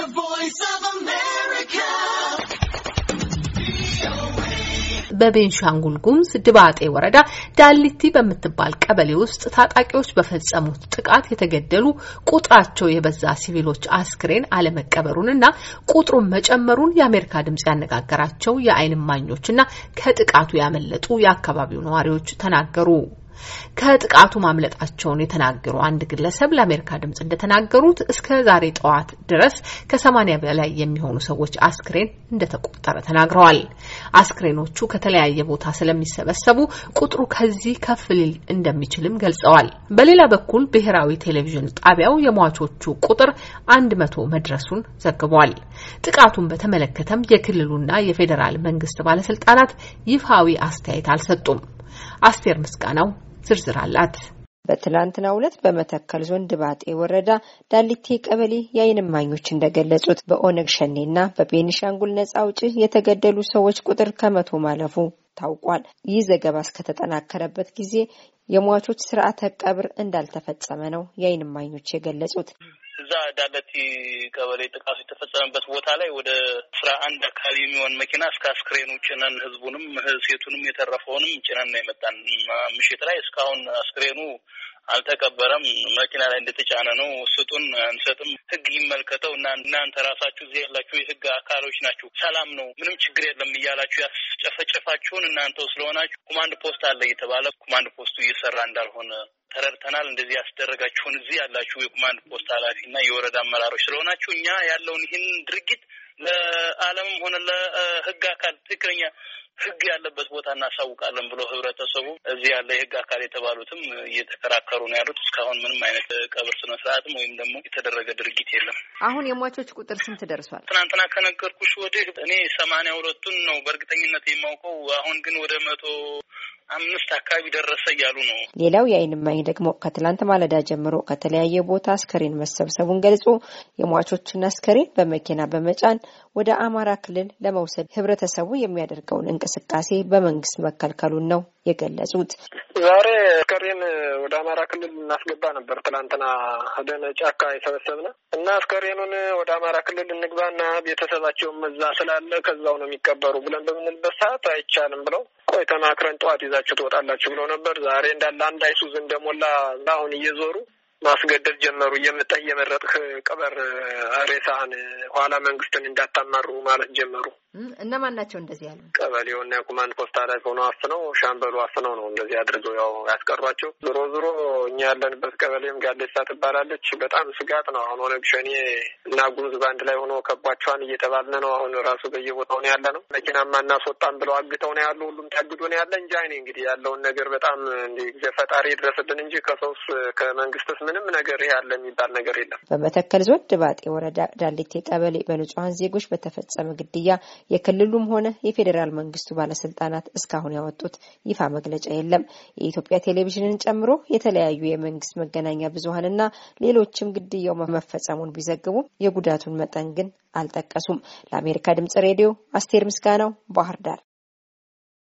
The Voice of America. በቤንሻንጉል ጉሙዝ ድባጤ ወረዳ ዳሊቲ በምትባል ቀበሌ ውስጥ ታጣቂዎች በፈጸሙት ጥቃት የተገደሉ ቁጥራቸው የበዛ ሲቪሎች አስክሬን አለመቀበሩንና ቁጥሩን መጨመሩን የአሜሪካ ድምጽ ያነጋገራቸው የዓይን እማኞችና ከጥቃቱ ያመለጡ የአካባቢው ነዋሪዎች ተናገሩ። ከጥቃቱ ማምለጣቸውን የተናገሩ አንድ ግለሰብ ለአሜሪካ ድምጽ እንደተናገሩት እስከ ዛሬ ጠዋት ድረስ ከሰማኒያ በላይ የሚሆኑ ሰዎች አስክሬን እንደተቆጠረ ተናግረዋል። አስክሬኖቹ ከተለያየ ቦታ ስለሚሰበሰቡ ቁጥሩ ከዚህ ከፍ ሊል እንደሚችልም ገልጸዋል። በሌላ በኩል ብሔራዊ ቴሌቪዥን ጣቢያው የሟቾቹ ቁጥር አንድ መቶ መድረሱን ዘግቧል። ጥቃቱን በተመለከተም የክልሉና የፌዴራል መንግስት ባለስልጣናት ይፋዊ አስተያየት አልሰጡም። አስቴር ምስጋናው ዝርዝር አላት። በትላንትናው ዕለት በመተከል ዞን ድባጤ ወረዳ ዳሊቴ ቀበሌ የዓይን ማኞች እንደገለጹት በኦነግ ሸኔና በቤኒሻንጉል ነጻ አውጪ የተገደሉ ሰዎች ቁጥር ከመቶ ማለፉ ታውቋል። ይህ ዘገባ እስከተጠናከረበት ጊዜ የሟቾች ስርዓተ ቀብር እንዳልተፈጸመ ነው የዓይን እማኞች የገለጹት። እዛ ዳለቲ ቀበሌ ጥቃቱ የተፈጸመበት ቦታ ላይ ወደ አስራ አንድ አካባቢ የሚሆን መኪና እስከ አስክሬኑ ጭነን ህዝቡንም ሴቱንም የተረፈውንም ጭነን ነው የመጣን። ምሽት ላይ እስካሁን አስክሬኑ አልተቀበረም። መኪና ላይ እንደተጫነ ነው። ስጡን አንሰጥም፣ ህግ ይመልከተው እናንተ ራሳችሁ እዚህ ያላችሁ የህግ አካሎች ናችሁ፣ ሰላም ነው፣ ምንም ችግር የለም እያላችሁ ያስጨፈጨፋችሁን እናንተው ስለሆናችሁ ኮማንድ ፖስት አለ እየተባለ ኮማንድ ፖስቱ እየሰራ እንዳልሆነ ተረድተናል። እንደዚህ ያስደረጋችሁን እዚህ ያላችሁ የኮማንድ ፖስት ኃላፊ እና የወረዳ አመራሮች ስለሆናችሁ እኛ ያለውን ይህን ድርጊት ለዓለምም ሆነ ለሕግ አካል ትክክለኛ ህግ ያለበት ቦታ እናሳውቃለን ብሎ ህብረተሰቡ እዚህ ያለ የህግ አካል የተባሉትም እየተከራከሩ ነው ያሉት። እስካሁን ምንም አይነት ቀብር ስነስርዓትም ወይም ደግሞ የተደረገ ድርጊት የለም። አሁን የሟቾች ቁጥር ስንት ደርሷል? ትናንትና ከነገርኩሽ ወዲህ እኔ ሰማንያ ሁለቱን ነው በእርግጠኝነት የማውቀው። አሁን ግን ወደ መቶ አምስት አካባቢ ደረሰ እያሉ ነው። ሌላው የአይን እማኝ ደግሞ ከትላንት ማለዳ ጀምሮ ከተለያየ ቦታ አስከሬን መሰብሰቡን ገልጾ የሟቾችን አስከሬን በመኪና በመጫን ወደ አማራ ክልል ለመውሰድ ህብረተሰቡ የሚያደርገውን እንቅስቃሴ በመንግስት መከልከሉን ነው የገለጹት። ዛሬ አስከሬን ወደ አማራ ክልል እናስገባ ነበር። ትላንትና ደነ ጫካ የሰበሰብነ እና አስከሬኑን ወደ አማራ ክልል እንግባና ቤተሰባቸውም እዛ ስላለ ከዛው ነው የሚቀበሩ ብለን በምንልበት ሰዓት አይቻልም ብለው ቆይ ተማክረን ጠዋት ይዛችሁ ትወጣላችሁ ብለው ነበር። ዛሬ እንዳለ አንድ አይሱዝ እንደሞላ አሁን እየዞሩ ማስገደድ ጀመሩ። የምጠህ የመረጥህ ቅበር ሬሳህን ኋላ መንግስትን እንዳታማሩ ማለት ጀመሩ። እነማን ናቸው እንደዚህ ያሉ? ቀበሌውና የኮማንድ ፖስት ኃላፊ ሆኖ አፍነው ሻምበሉ አፍነው ነው እንደዚህ አድርገው ያው ያስቀሯቸው። ዞሮ ዞሮ እኛ ያለንበት ቀበሌም ጋሌሳ ትባላለች። በጣም ስጋት ነው። አሁን ኦነግ ሸኔ እና ጉምዝ ባንድ ላይ ሆኖ ከቧቸዋን እየተባልን ነው። አሁን ራሱ በየቦታው ነው ያለ ነው። መኪናማ እናስወጣም ብለው አግተው ነው ያሉ። ሁሉም ታግዶ ነው ያለ እንጂ አይኔ እንግዲህ ያለውን ነገር በጣም እንዲ ፈጣሪ ይድረስልን እንጂ ከሰውስ ከመንግስትስ ምንም ነገር ያለ አለ የሚባል ነገር የለም። በመተከል ዞን ድባጤ ወረዳ ዳሌቴ ቀበሌ በንጹሐን ዜጎች በተፈጸመ ግድያ የክልሉም ሆነ የፌዴራል መንግስቱ ባለስልጣናት እስካሁን ያወጡት ይፋ መግለጫ የለም። የኢትዮጵያ ቴሌቪዥንን ጨምሮ የተለያዩ የመንግስት መገናኛ ብዙሀንና ሌሎችም ግድያው መፈጸሙን ቢዘግቡም የጉዳቱን መጠን ግን አልጠቀሱም። ለአሜሪካ ድምጽ ሬዲዮ አስቴር ምስጋናው ባህር ዳር